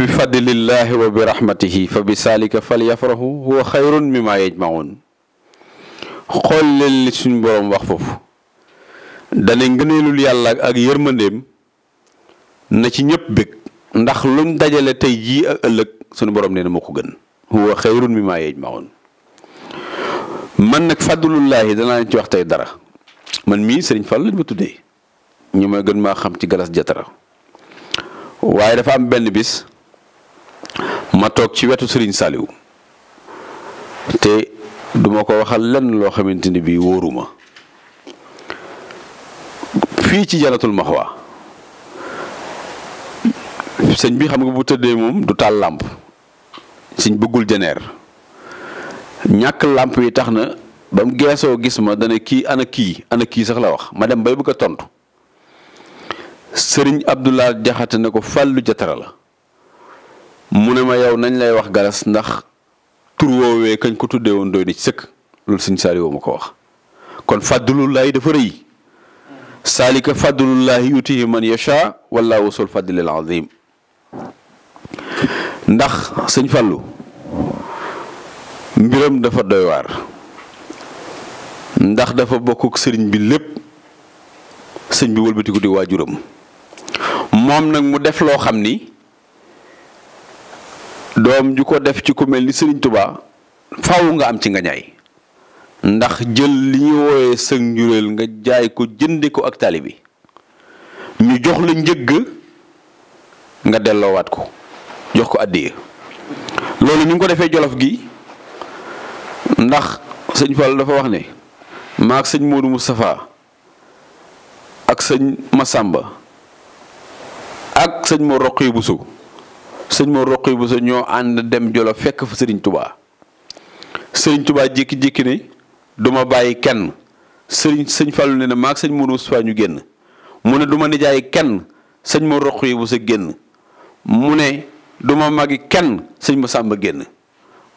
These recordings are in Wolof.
bi fadlillahi wa bi rahmatihi fa bi saalika fal yafrahu huwa xayrun mimma yajmaun xool leen li suñ boroom wax foofu dane ngëneelul yàlla ak yërmandeem na ci ñëpp bég ndax luñ dajale tey jii ak ëllëg suñu borom nee moo ko gën huwa xayrun mimma yajmaun man nag fadlullahi danaa ci wax tey dara man mii sëriñ Fall lañ ma tuddee ñu ma gën maa xam ci galas jatara waaye dafa am benn bis ma toog ci wetu Serigne Saliou te duma ko waxal lenn loo xamante ni bii wóoruma fii ci janatul maxwa sëñ bi xam nga bu tëddee moom du taal làmp sëñ bëggul jeneer ñàkk làmp yi tax na ba mu geesoo gis ma dana kii ana kii ana kii sax la wax ma dem bay bëgg a tontu sëriñ Abdoulaye Jaxate ne ko fàllu jatara la mu ne ma yow nañ lay wax galas ndax tur woowee kañ ko tuddee woon doy na ci sëkk loolu sëñ Saliou ma ko wax kon fàddulullaahi dafa rëy saalika fàddulullaahi yutihi man yasha wallaahu wasul fadlil azim ndax sëñ Fallu mbiram dafa doy waar ndax dafa bokk sëriñ bi lépp sëñ bi wëlbatiku di waajuram moom nag mu def loo xam ni doom ju ko def ci ku mel ni Serigne tubaa faaw nga am ci nga ñaay ndax jël li ñuy wooyee sëg njuréel nga jaay ko jënde ko ak taali bi ñu jox la njëgg nga delloowaat ko jox ko àddiya loolu ñu ngi ko defee jolof gi ndax sëñ Fall dafa wax ne maak sëñ Modou Moustapha ak sëñ Massamba ak sëñ Mor Roqi Bousso sëñ Mor Roqi Bousso ñoo ànd dem jolo fekk fu sëriñ tubaa sëriñ tubaa jékki-jékki ne duma bàyyi kenn sëriñ sëñ Fallou ne na maag sëñ Mor Moustapha ñu génn mu ne duma nijaay kenn sëñ Mor Roqi Bousso génn mu ne duma magi kenn sëñ Massamba génn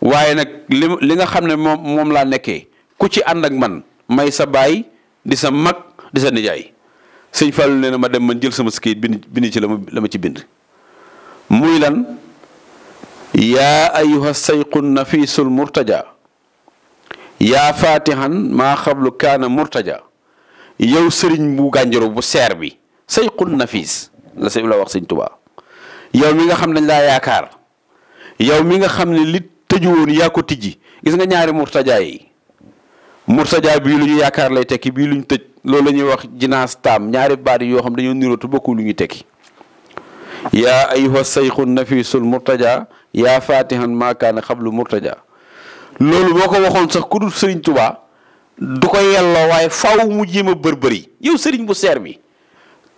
waaye nag li li nga xam ne moom moom laa nekkee ku ci ànd ak man may sa baay di sa mag di sa nijaay sëñ Fallou nee na ma dem man jël sama kayit bind bind ci la ma la ma ci bind muy lan yaa ayuha sayqu nafisul murtaja yaa fatihan maa xablu kaana murtaja yow sëriñ bu gànjaro bu seer bi sayqun nafis la sëñ la wax sëñ tubaa yow mi nga xam dañ laa yaakaar yow mi nga xam ne li tëju woon yaa ko tijji gis nga ñaari murtaja yi murtaja bii lu ñu yaakaar lay tekki bii lu ñu tëj loolu la ñuy wax jinaas taam ñaari baat yoo xam dañoo nirootu bokku lu ñuy tekki yaa ayuha sayxu nafisul murtaja yaa fatihan maakaana xablu murtaja loolu boo ko waxoon sax ku dul sëriñ tubaa du ko yelloo waaye faw mu ma a bërbëri yow sëriñ bu seer bi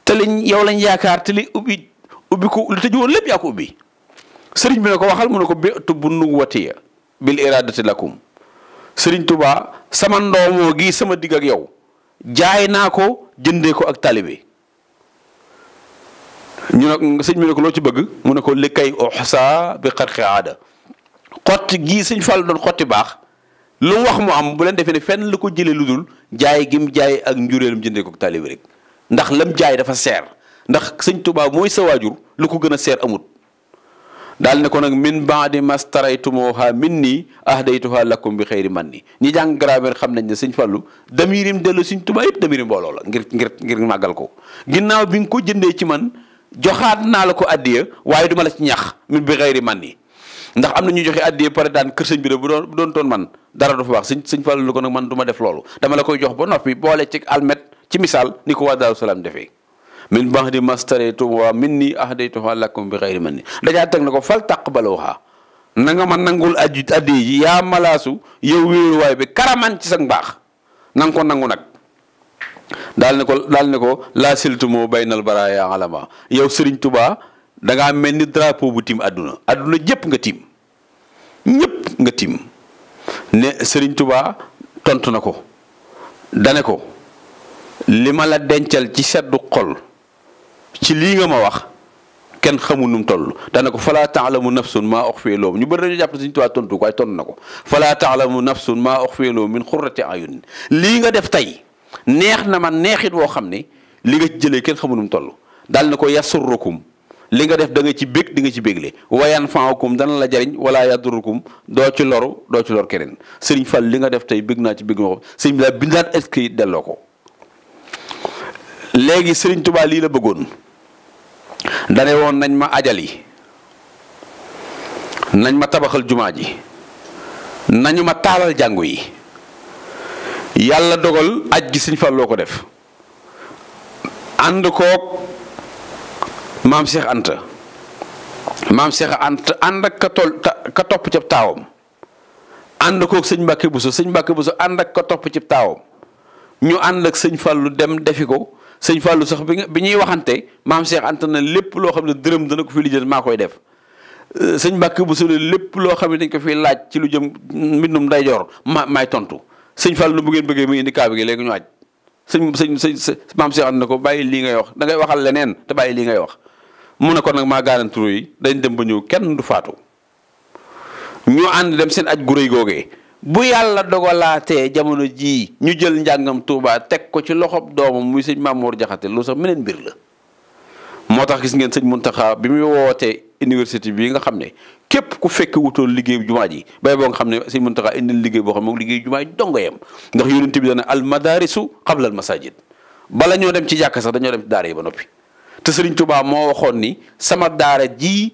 te liñ yow lañ yaakaar te li ubbi ubbi ko li tëju woon lépp yaa ko ubbi sëriñ bi ne ko waxal mu ne ko bé tu bu nu watiya bil iradati lakum sëriñ tubaa sama ndoomoo gi sama digg ak yow jaay naa ko jëndee ko ak talibe ñu ne sëñ bi loo ci bëgg mu ne ko li kay oxsa bi xarqi aada xotti gii sëñ fal doon xotti baax lu wax mu am bu leen defee ne fenn lu ko jëlee lu dul jaay gim jaay ak njureelum jëndee ko taalibe rek ndax lam jaay dafa seer ndax sëñ tubaab mooy sa waajur lu ko gën a seer amut daal ne ko nag min baadi mastaraytumooha min nii ahdaytuha lakum bi xëy xëyri man ni ñi jàng grammaire xam nañ ne sëñ Fallu damirim dellu sëñ Tuubaa yëpp damirim mbooloo la ngir ngir ngir màggal ko ginnaaw bi ko jëndee ci man joxaat naa la ko addiya waaye duma la ci ñax min bi xëyri man yi ndax am na ñu joxe addiya pare daan kër sëñ bi bu doon doon toon man dara du fa baax sëñ sëñ Fallu ko nag man du ma def loolu dama la koy jox ba noppi boole ci almet ci misaal ni ko waa Daaru Salaam defee min baax di mastaretum waa min nii ahdaytuha lakum bi xëyri man ni dajaa teg na ko fal taqbaluha na nga ma nangul addi addiya ji yaa malaasu yow wéeruwaay bi karaman ci sa mbaax na ko nangu nag daal ne ko daal ne ko laa siltu moo baynal baraaya alama yow sëriñ Touba da ngaa mel ni drapeau bu tiim àdduna àdduna jëpp nga tiim ñëpp nga tiim ne sëriñ tubaa tontu na ko dane ko li ma la dencal ci seddu xol ci lii nga ma wax kenn xamul nu mu toll dana ko falaa taalamu nafsun maa ox fee loom ñu bëri dañu jàpp ne Sëriñ Tuubaa na ko falaa taalamu nafsun maa ox fee loom min lii nga def tey neex na ma neexit woo xam ne li nga ci jëlee kenn xamu nu mu toll daal na ko yasurrukum li nga def da nga ci bég di nga ci bégle wayan faakum dana la jariñ wala yadurukum doo ci loru doo ci lor keneen sëriñ Fall li nga def tey bég naa ci bég ma ko bi daal bindaat delloo ko léegi sëriñ Tuubaa lii la bëggoon dane woon nañ ma ajal yi nañ ma tabaxal jumaa ji nañu ma taalal jàngu yi yàlla dogal aj gi sëñ Falloo ko def ànd koog maam seex Anta maam Cheikh Anta ànd ak ka tol ka topp ca taawam ànd koog sëñ Mbàkke Buso sëñ Mbàkke Buso ànd ak ka topp ci taawam ñu ànd ak sëñ Fallou dem defi ko sëñ Fallou sax bi bi ñuy waxante maam seex Anta na lépp loo xam ne dërëm dana ko fi lijjal maa koy def sëñ Mbàkke Buso lépp loo xam ne dañ ko fi laaj ci lu jëm mbindum ndeyjoor ma maay tontu. sëñ Fall lu bu bëggee mu indi kaaba gi léegi ñu aj sëñ sëñ sëñ maam Cheikh na ko bàyyi lii ngay wax dangay waxal leneen te bàyyi li ngay wax mu ne kon nag maa gaaranturó yi dañ dem ba ñëw kenn du faatu ñu ànd dem seen aj gu rëy googee bu yàlla dogalaatee jamono jii ñu jël njàngam Touba teg ko ci loxob doomam muy sëñ Mamour Jaxate loolu sax meneen mbir la moo tax gis ngeen sëñ taxa bi muy wootee université bii nga xam ne képp ku fekk wutoon liggéey jumaa ji bay boo xam ne sëñ Muntaxa indil liggéey boo xam ne moom liggéey jumaa ji dongo yam ndax yonent bi dana al madarisu qabla al masajid bala ñoo dem ci jàkka sax dañoo dem daara yi ba noppi te Sëriñ Tuubaa moo waxoon ni sama daara ji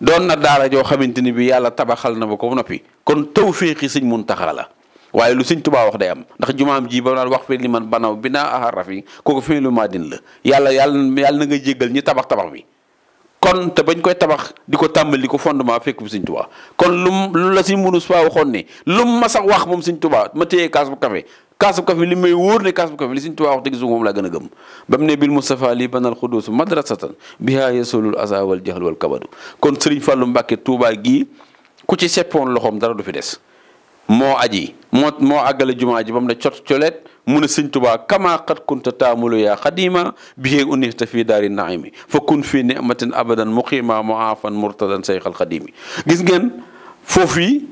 doon na daara joo xamante ni bi yàlla tabaxal na ba ko noppi kon tawféexi mun Muntaxa la waaye lu sëñ tubaa wax day am ndax jumaam ji ba naan wax fi li man banaw bi naa aharafi kooku fii lu maa din la yàlla yàlla yàlla na nga jéggal ñi tabax tabax bi kon te bañ koy tabax di ko tàmbali ko fondement fekk bu Sëñ Tuubaa kon lum lu la si munus faa waxoon ne lum ma sax wax moom Sëñ Tuubaa ma téye kaas bu kafe kaas bu kafe li may wóor ne kaas bu kafe li Sëñ Tuubaa wax dëgg su moom laa gën a gëm ba mu ne bil Mustafa li banal xuduusu madrasatan bihaa yasulul asa wal jahl wal kabadu kon Sëriñ Fàllu Mbàkke Tuubaa gii ku ci seppoon loxoom dara du fi des moo aji moo moo àggale jumaa ji ba mun ne cot coleet mu ne sëñ tubaa kamaa xat kunta taamulu yaa xadima biyee unita fii daari naimi fa kun fii nimatin abadan muqima muafan murtadan sayxal xadimi gis ngeen foofu yi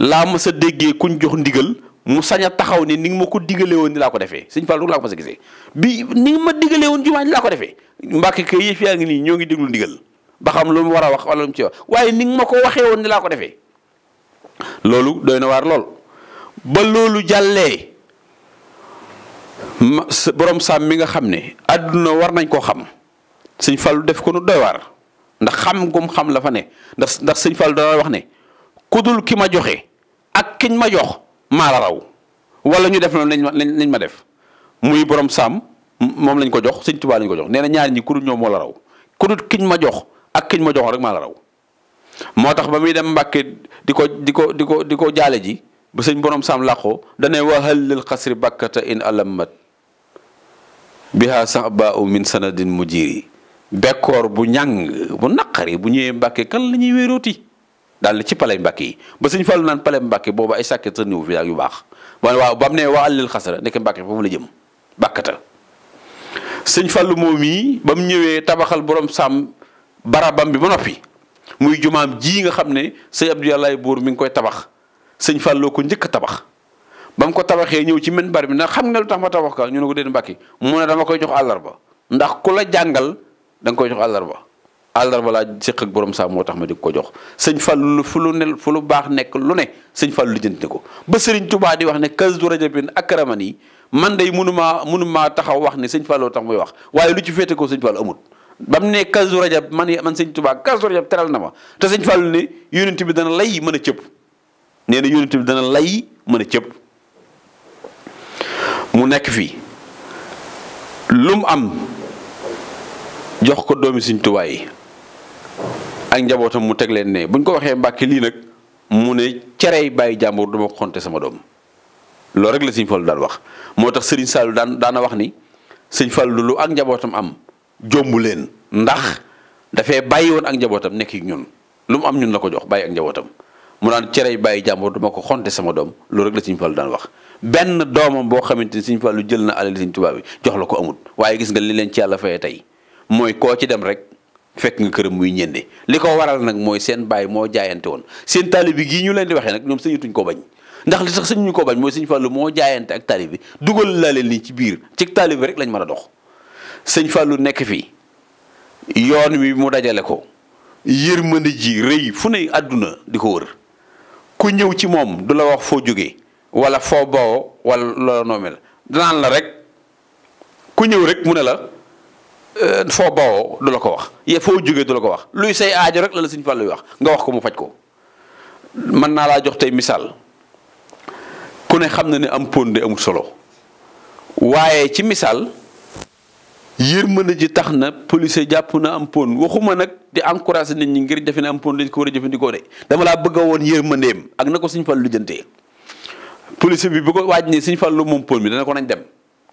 laa ma sa déggee kuñ jox ndigal mu sañ taxaw ni ni nga ma ko digalee woon ni laa ko defee sëñ Fall laa ko ma sa gisee bi ni ma digalee woon jumaa ji laa ko defee mbàkke kay yëf yaa ngi nii ñoo ngi déglu ndigal ba xam lu mu war wax wala lu ni nga ma ko waxee woon ni laa ko defee loolu doy na waar lool ba loolu jàllee borom saam mi nga xam ne àdduna war nañ koo xam sëñ Fallu def ko nu doy waar ndax xam gum xam la fa ne ndax ndax sëñ Fallu dana wax ne ku dul ki ma joxe ak kiñ ma jox maa la raw wala ñu def nañ lañ ma lañ ma def muy borom saam moom lañ ko jox sëñ Tuubaa lañ ko jox nee na ñaar ñi ku dul ñoom moo la raw ku dul kiñ ma jox ak kiñ ma jox rek maa la raw. moo tax ba muy dem Mbàkke di ko di ko di ko di ko jaale ji ba sëñ borom saam làqoo danay wahal lil xasri bakkata in alamat biha saba u min sanadin mujiri bekkoor bu ñàng bu naqari bu ñëwee Mbàkke kan la ñuy wéerooti daal ci palay Mbàkke yi ba sëñ fal naan palay Mbàkke boobu ay sàkket sa ak yu baax wan waaw ba mu ne wahal lil la jëm bakkata sëñ Fallu moom yi ba mu ñëwee tabaxal borom saam barabam bi ba noppi muy jumaam ji nga xam ne sëñ Abdou Yàllaay buur mi ngi koy tabax sëñ Falloo ko njëkk tabax ba mu ko tabaxee ñëw ci men bar bi ndax xam nga lu tax ma tabax ka ñu ne ko déen mbàkki mu ne koy jox àllarba ndax ku la jàngal da koy jox àllarba àllarba laa séq ak borom saa moo tax ma di ko jox sëñ Fallu fu lu ne fu lu baax nekk lu ne sëñ Fallu lijjanti ne ko ba sëriñ Tubaa di wax ne kas du rajabin akraman yi man de mënumaa mënumaa taxaw wax ne sëñ Falloo tax muy wax waaye lu ci féete ko sëñ Fallu amut ba mu ne kazu rajab man man sëñ Tuubaa kazu rajab teral na ma te sëñ Fallu ne yonent bi dana lay mën a cëpp nee na yonent bi dana lay mën a cëpp mu nekk fii lu am jox ko doomi sëñ Tuubaa yi ak njabootam mu teg leen ne buñ ko waxee Mbàkke lii nag mu ne cerey bàyyi jàmbur duma ko xonte sama doom loolu rek la sëñ Fallu daan wax moo tax sëriñ Saalu daan daana wax ni sëñ Fallu lu ak njabootam am jombu leen ndax dafay bàyyi woon ak njabootam nekk ñun lu mu am ñun la ko jox bàyyi ak njabootam mu naan cerey bàyyi jàmbur duma ko xonte sama doom loolu rek la Sëñ Fallu daan wax benn doomam boo xamante ni Sëñ Fallu jël na alal Sëñ Tuubaa bi jox la ko amut waaye gis nga li leen ci yàlla fayee tey mooy koo ci dem rek fekk nga këram muy ñende li ko waral nag mooy seen moo jaayante woon seen bi gii ñu di waxee nag ñoom sañatuñ ko bañ ndax li sax sañuñu ko bañ mooy Sëñ Fallu moo jaayante ak taalib bi dugal laa leen nii ci biir ci taalib bi rek lañ mën a dox sëñ lu nekk fi yoon wi mu dajale ko yërmande ji rëy fu ne àdduna di ko wër ku ñëw ci moom du la wax foo jógee wala foo bawoo wala loola noo mel danaan la rek ku ñëw rek mu ne la euh, foo bawoo du la ko wax ye foo jógee du la ko wax luy say aajo rek la la sëñ Fallou wax nga wax ko mu faj ko mën naa laa jox tey missaal ku ne xam na ne am ponde amul solo waaye ci misaal yërmande ji tax na policier jàpp na am pon waxuma nag di encouragé nit ñi ngir defe ne am pon lañ ko war a jëfandikoo de dama laa bëgg a woon yërmandeem ak na ko suñ fal lu jëntee policier bi bu ko waaj ni suñ fal lu moom pon bi dana ko nañ dem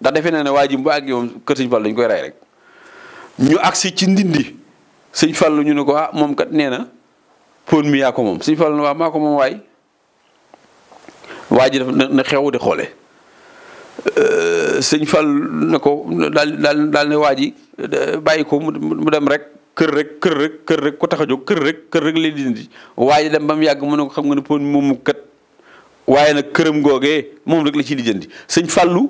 ndax defe naa ne waa ji bu àgg moom kër suñ fal dañ koy rey rek ñu agsi ci ndindi suñ fal ñu ne ko ah moom kat nee na pon mi yaa ko moom suñ fal ne waa ah, maa ko moom waay waa ji daf na xewu di xoole sëñ fal ne ko daal daal daal ne waa ji bàyyi ko mu dem rek kër rek kër rek kër rek ko tax kër rek kër rek lay dindi waa dem ba mu yàgg mu ne ko xam nga ne pon moomu kat waaye nag këram googee moom rek la ci lijjanti sëñ Fallu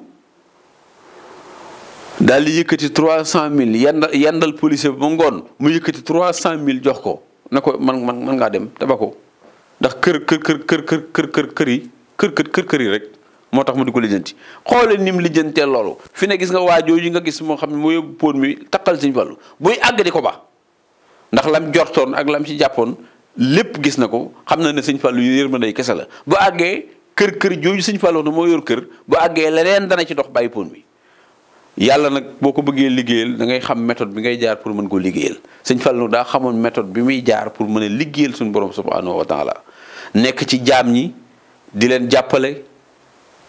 daal di yëkkati trois cent mille yandal yandal policier bi ba ngoon mu yëkkati trois cent mille jox ko ne ko man man man ngaa dem tabax ko ndax kër kër kër kër kër kër kër yi kër kër kër kër yi rek. moo tax mu di ko lijjanti xoolal ni mu lijjantee loolu fi ne gis nga waa jooju nga gis moo xam ne moo yóbbu poon mi takkal Sëñ Fallu buy àgg di ko ba ndax lam jortoon ak lam ci jàppoon lépp gis na ko xam na ne Sëñ Fallu yu yërmande kese la bu àggee kër kër jooju Sëñ Fallu na moo yor kër bu àggee leneen dana ci dox bàyyi póon bi yàlla nag boo ko bëggee liggéeyal da ngay xam méthode bi ngay jaar pour mën koo liggéeyal Sëñ Fallu daa xamoon méthode bi muy jaar pour mën a liggéeyal suñu borom subhanahu wa taala nekk ci jaam ñi di leen jàppale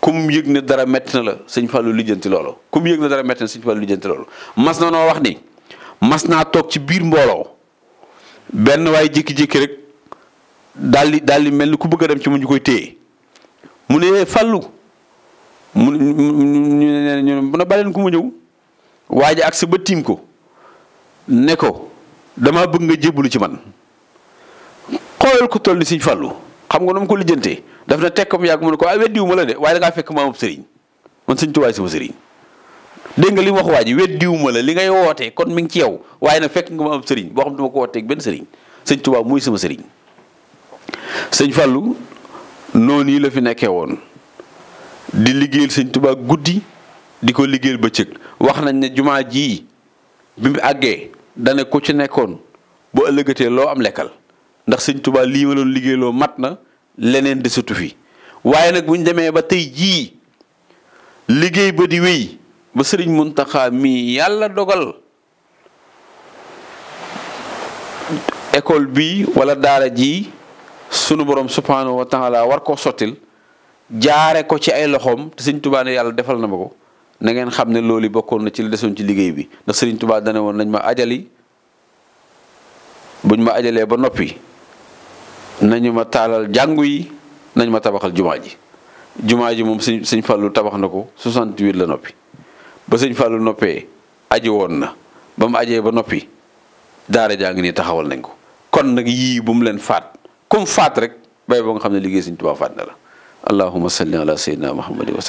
comme yëg na dara metti na la sañ Fallou lijjanti loolu kum yëg ne dara metti na sëñ Fallou lijjanti loolu mas na noo wax ni mas naa toog ci biir mbooloo benn waaye jékki-jékki rek daal di mel ni ku bëgg a dem ci mu koy téye mu ne eh, mu ñu ku ma ñëw waaye ak sa ba tiim ko ne ko dama bëgg nga jébbalu ci man xoolal ko toll ni sëñ Fallou xam nga nu mu ko lijjante daf na teg comme yàgg mu ne ko waaye ah, weddiwu ma la de waaye da ngaa fekk ma am sëriñ man sëñ tubaay sama sëriñ dégg nga li mu wax waa ji weddiwu ma la li ngay wootee kon mi ngi ci yow waaye nag fekk nga ma am sëriñ boo xam duma ko wooteeg benn sëriñ sëñ tubaa muy sama sëriñ sëñ Fallou noonu yi la fi nekkee woon di liggéeyal sëñ tubaab guddi di ko liggéeyal bëccëg wax nañ ne jumaa jii bi mu àggee dane ku ci nekkoon boo ëllëgatee loo am lekkal ndax sëñ tubaa lii ma doon liggéeyloo mat na leneen desatu fi waaye nag bu ñu demee ba tey jii liggéey ba di wéy ba sëriñ mun Muntaxa mii yàlla dogal école bi wala daara ji sunu borom subhaanahu wa taala war koo sottil jaare ko ci ay loxoom te sëñ Tuubaa ne yàlla defal na ma ko na ngeen xam ne loolu bokkoon na ci li desoon ci liggéey bi ndax sëriñ Tuubaa dane woon nañ ma ajali buñ ma ajalee ba noppi nañu ma taalal jàngu yi nañ ma tabaxal jumaa ji jumaa ji moom sëñ sëñ Fallou tabax na ko 68 la noppi ba sëñ Fallou noppee aji woon na ba mu ajee ba noppi daara jaa ngi nii taxawal nañ ko kon nag yii bu mu leen faat comme faat rek bay boo nga xam ne liggéey sëñ Tuubaa faat na la allahumma salli ala sayyidina muhammadin wa